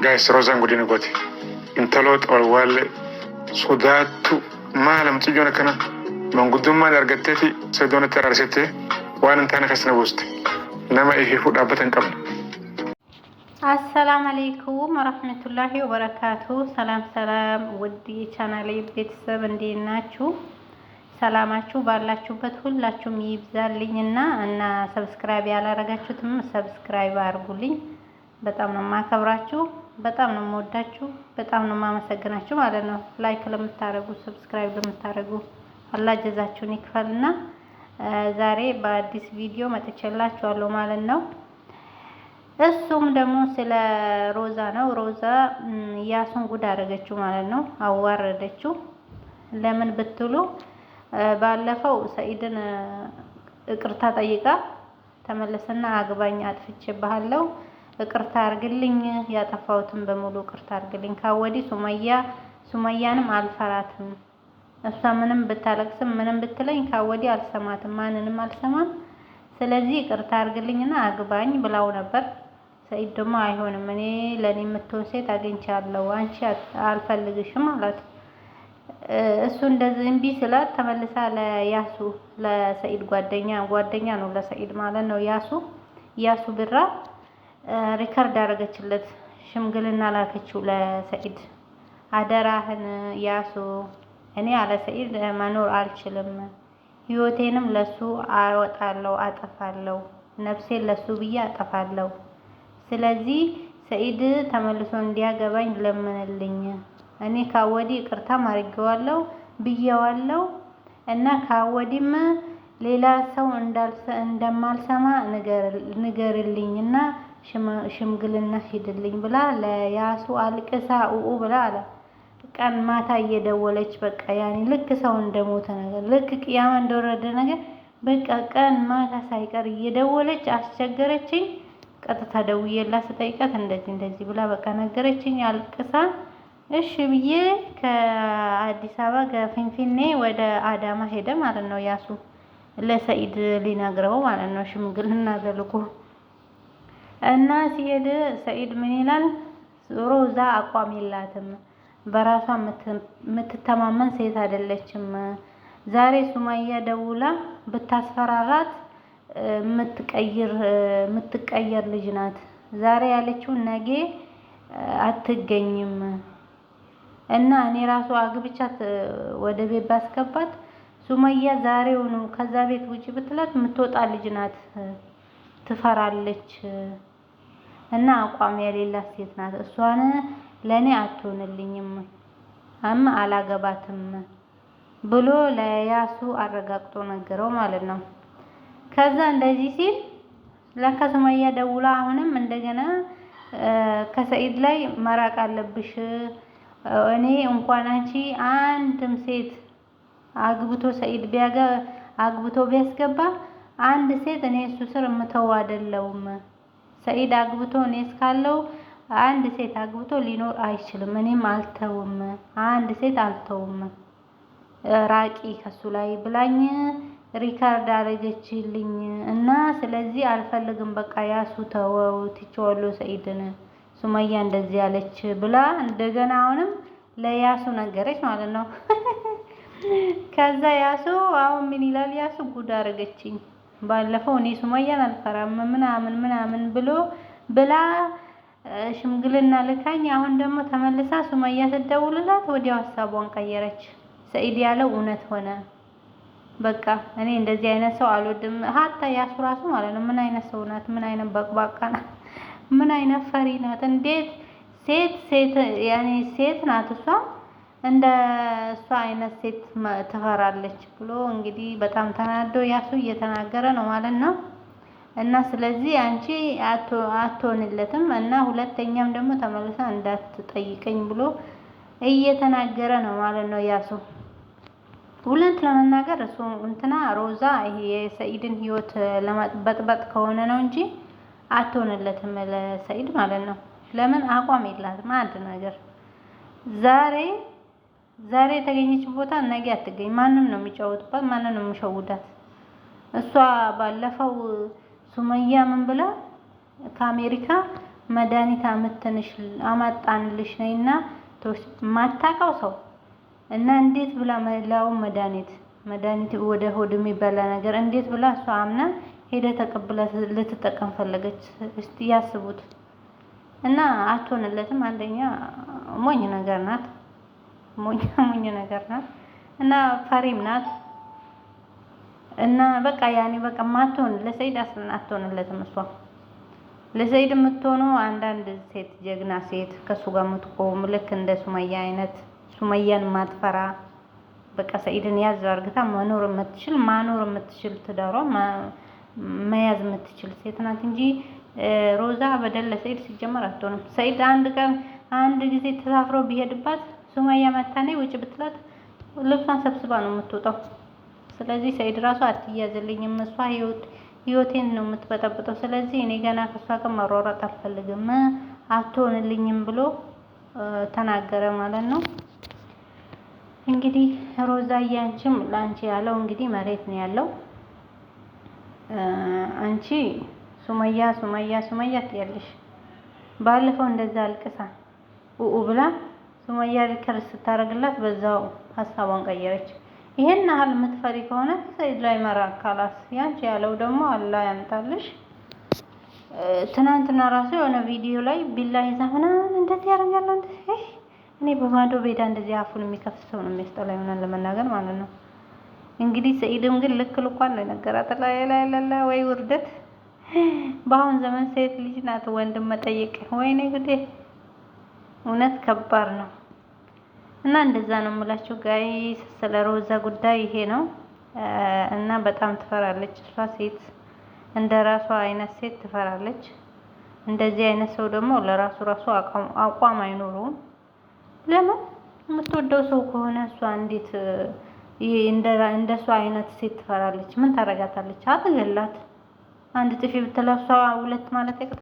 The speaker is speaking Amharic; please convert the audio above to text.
gaayis gudina gooti intaloota ol waalle sodaattu maalam xiyyoon akkana manguddummaan argattee fi sedoonatti araarsittee wan hin taane kasna buuste nama ihiifuu dhaabbatan qabna. አሰላም አለይኩም ወረህመቱላሂ ወበረካቱ። ሰላም ሰላም፣ ውድ የቻናሌ ቤተሰብ እንዴት ናችሁ? ሰላማችሁ ባላችሁበት ሁላችሁም ይብዛልኝ እና እና ሰብስክራይብ ያላረጋችሁትም ሰብስክራይብ አድርጉልኝ። በጣም ነው የማከብራችሁ፣ በጣም ነው የምወዳችሁ፣ በጣም ነው የማመሰግናችሁ ማለት ነው። ላይክ ለምታደርጉ፣ ሰብስክራይብ ለምታደርጉ አላህ ጀዛችሁን ይክፈልና ዛሬ በአዲስ ቪዲዮ መጥቼላችኋለሁ ማለት ነው። እሱም ደግሞ ስለ ሮዛ ነው። ሮዛ ያሱን ጉድ አደረገችው ማለት ነው፣ አዋረደችው። ለምን ብትሉ ባለፈው ሰኢድን እቅርታ ጠይቃ ተመለሰና አግባኝ አጥፍቼ ባለው እቅርታ አርግልኝ ያጠፋሁትን በሙሉ ቅርታ አርግልኝ ካወዲ ሱመያ ሱመያንም አልፈራትም። እሷ ምንም ብታለቅስም ምንም ብትለኝ ካወዲ አልሰማትም፣ ማንንም አልሰማም። ስለዚህ ይቅርታ አድርግልኝና አግባኝ ብላው ነበር። ሰኢድ ደግሞ አይሆንም፣ እኔ ለእኔ የምትሆን ሴት አግኝቻለሁ፣ አንቺ አልፈልግሽም አላት። እሱ እንደዚህ እምቢ ስላት ተመልሳ ለያሱ ለሰኢድ ጓደኛ ጓደኛ ነው ለሰኢድ ማለት ነው ያሱ ያሱ ብራ ሪከርድ አደረገችለት። ሽምግልና ላከችው ለሰኢድ። አደራህን ያሱ እኔ አለ ሰኢድ መኖር አልችልም። ህይወቴንም ለሱ አወጣለሁ፣ አጠፋለሁ። ነፍሴን ለሱ ብዬ አጠፋለሁ። ስለዚህ ሰኢድ ተመልሶ እንዲያገባኝ ለምንልኝ። እኔ ካወዲ ይቅርታ አድርጌዋለሁ ብዬዋለሁ እና ካወዲም ሌላ ሰው እንዳልሰ እንደማልሰማ ንገርልኝና ሽምግልና ሂድልኝ ብላ ለያሱ አልቅሳ ኡኡ ብላ አለ። ቀን ማታ እየደወለች በቃ ያኔ ልክ ሰው እንደሞተ ነገር ልክ ቅያማ እንደወረደ ነገር በቃ ቀን ማታ ሳይቀር እየደወለች አስቸገረችኝ። ቀጥታ ደውዬላ ስጠይቃት እንደዚህ እንደዚህ ብላ በቃ ነገረችኝ። አልቅሳ እሺ ብዬ ከአዲስ አበባ ከፊንፊኔ ወደ አዳማ ሄደ ማለት ነው። ያሱ ለሰኢድ ሊነግረው ማለት ነው ሽምግልና ዘልኮ እና ሲሄድ ሰኢድ ምን ይላል? ሮዛ አቋም የላትም፣ በራሷ የምትተማመን ሴት አይደለችም። ዛሬ ሱማያ ደውላ ብታስፈራራት የምትቀይር የምትቀየር ልጅ ናት። ዛሬ ያለችው ነገ አትገኝም እና እኔ ራሱ አግብቻት ወደ ቤት ባስገባት ሱማያ ዛሬው ነው ከዛ ቤት ውጪ ብትላት የምትወጣ ልጅ ናት። ትፈራለች። እና አቋም የሌላት ሴት ናት። እሷን ለእኔ አትሆንልኝም እም አላገባትም ብሎ ለያሱ አረጋግጦ ነገረው ማለት ነው። ከዛ እንደዚህ ሲል ለካ ሱመያ ደውላ አሁንም እንደገና ከሰኢድ ላይ መራቅ አለብሽ እኔ እንኳን አንቺ አንድም ሴት አግብቶ ሰኢድ ቢያገ አግብቶ ቢያስገባ አንድ ሴት እኔ እሱ ስር የምተው አይደለውም። ሰኢድ አግብቶ እኔ እስካለው አንድ ሴት አግብቶ ሊኖር አይችልም። እኔም አልተውም፣ አንድ ሴት አልተውም፣ ራቂ ከሱ ላይ ብላኝ ሪካርድ አደረገችልኝ እና ስለዚህ አልፈልግም፣ በቃ ያሱ ተወው፣ ትቼዋለሁ ሰኢድን ሱመያ እንደዚህ ያለች ብላ እንደገና አሁንም ለያሱ ነገረች ማለት ነው። ከዛ ያሱ አሁን ምን ይላል? ያሱ ጉድ አረገችኝ። ባለፈው እኔ ሱመያን አልፈራም ምናምን ምናምን ብሎ ብላ ሽምግልና ልካኝ፣ አሁን ደግሞ ተመልሳ ሱመያ ስደውልላት ወዲያው ሀሳቧን ቀየረች። ሰኢድ ያለው እውነት ሆነ። በቃ እኔ እንደዚህ አይነት ሰው አልወድም። ሀታ ያሱ ራሱ ማለት ነው። ምን አይነት ሰው ናት? ምን አይነት በቅባቃ ናት? ምን አይነት ፈሪ ናት? እንዴት ሴት ሴት ያኔ ሴት ናት እሷ እንደ እሷ አይነት ሴት ትፈራለች ብሎ እንግዲህ በጣም ተናዶ ያሱ እየተናገረ ነው ማለት ነው። እና ስለዚህ አንቺ አትሆንለትም እና ሁለተኛም ደግሞ ተመልሳ እንዳትጠይቀኝ ብሎ እየተናገረ ነው ማለት ነው ያሱ። እውነት ለመናገር እሱ እንትና ሮዛ ይሄ የሰኢድን ህይወት ለመበጥበጥ ከሆነ ነው እንጂ አትሆንለትም ለሰኢድ ማለት ነው። ለምን አቋም የላትም አንድ ነገር ዛሬ ዛሬ የተገኘች ቦታ ነገ አትገኝ። ማንም ነው የሚጫወቱባት፣ ማንም ነው የሚሸውዳት። እሷ ባለፈው ሱመያ ምን ብላ ከአሜሪካ መድኃኒት አምጥተንሽ አማጣንልሽ ነይና ማታቀው ሰው እና እንዴት ብላ መላው መድኃኒት መድኃኒት ወደ ሆድ የሚበላ ነገር እንዴት ብላ እሷ አምና ሄደ ተቀብላ ልትጠቀም ፈለገች። እስቲ ያስቡት። እና አትሆንለትም። አንደኛ ሞኝ ነገር ናት። ሞኛ ሞኝ ነገር ናት እና ፈሪም ናት እና በቃ ያኔ በቃ ማትሆን ለሰይድ አስለን አትሆንለትም እሷ ለሰይድ የምትሆነው አንዳንድ ሴት ጀግና ሴት ከእሱ ጋር የምትቆም ልክ እንደ ሱመያ አይነት ሱመያን ማትፈራ በቃ ሰይድን ያዝ አርግታ መኖር የምትችል ማኖር የምትችል ትዳሯ መያዝ የምትችል ሴት ናት እንጂ ሮዛ በደል ለሰይድ ሲጀመር አትሆንም። ሰይድ አንድ ቀን አንድ ጊዜ ተሳፍሮ ቢሄድባት ሱማያ መታኔ ውጭ ብትላት ልብሷን ሰብስባ ነው የምትወጣው። ስለዚህ ሰይድ ራሱ አትያዝልኝም፣ እሷ ህይወቴን ነው የምትበጠብጠው። ስለዚህ እኔ ገና ከሷ ጋር መሯሯጥ አልፈልግም፣ አትሆንልኝም ብሎ ተናገረ ማለት ነው። እንግዲህ ሮዛ እያንቺም ለአንቺ ያለው እንግዲህ መሬት ነው ያለው። አንቺ ሱመያ ሱመያ ሱመያ ትያለሽ። ባለፈው እንደዛ አልቅሳ ኡኡ ብላ ሱመያ ሪከርድ ስታደርግላት በዛው ሀሳቧን ቀየረች። ይሄን ያህል የምትፈሪ ከሆነ ሰይድ ላይ መራ ካላስ ያንቺ ያለው ደግሞ አላ ያምጣልሽ። ትናንትና ራሱ የሆነ ቪዲዮ ላይ ቢላ ይዛ ምናምን እንደዚህ ያደርጋል። እኔ በማዶ ቤዳ እንደዚህ አፉን የሚከፍት ሰው ነው የሚያስጠላ ይሆናል ለመናገር ማለት ነው። እንግዲህ ሰኢድም ግን ልክ ልኳን ነው ነገራት። ላላላ ወይ ውርደት! በአሁን ዘመን ሴት ልጅ ናት ወንድም መጠየቅ። ወይኔ ጉዴ! እውነት ከባድ ነው። እና እንደዛ ነው የምላችሁ ጋይስ። ስለ ሮዛ ጉዳይ ይሄ ነው እና በጣም ትፈራለች እሷ ሴት እንደ ራሷ አይነት ሴት ትፈራለች። እንደዚህ አይነት ሰው ደግሞ ለራሱ ራሱ አቋም አይኖረውም። ለምን የምትወደው ሰው ከሆነ እሷ እንዴት እንደ እሷ አይነት ሴት ትፈራለች? ምን ታረጋታለች? አትገላት። አንድ ጥፊ ብትለብሷ ሁለት ማለት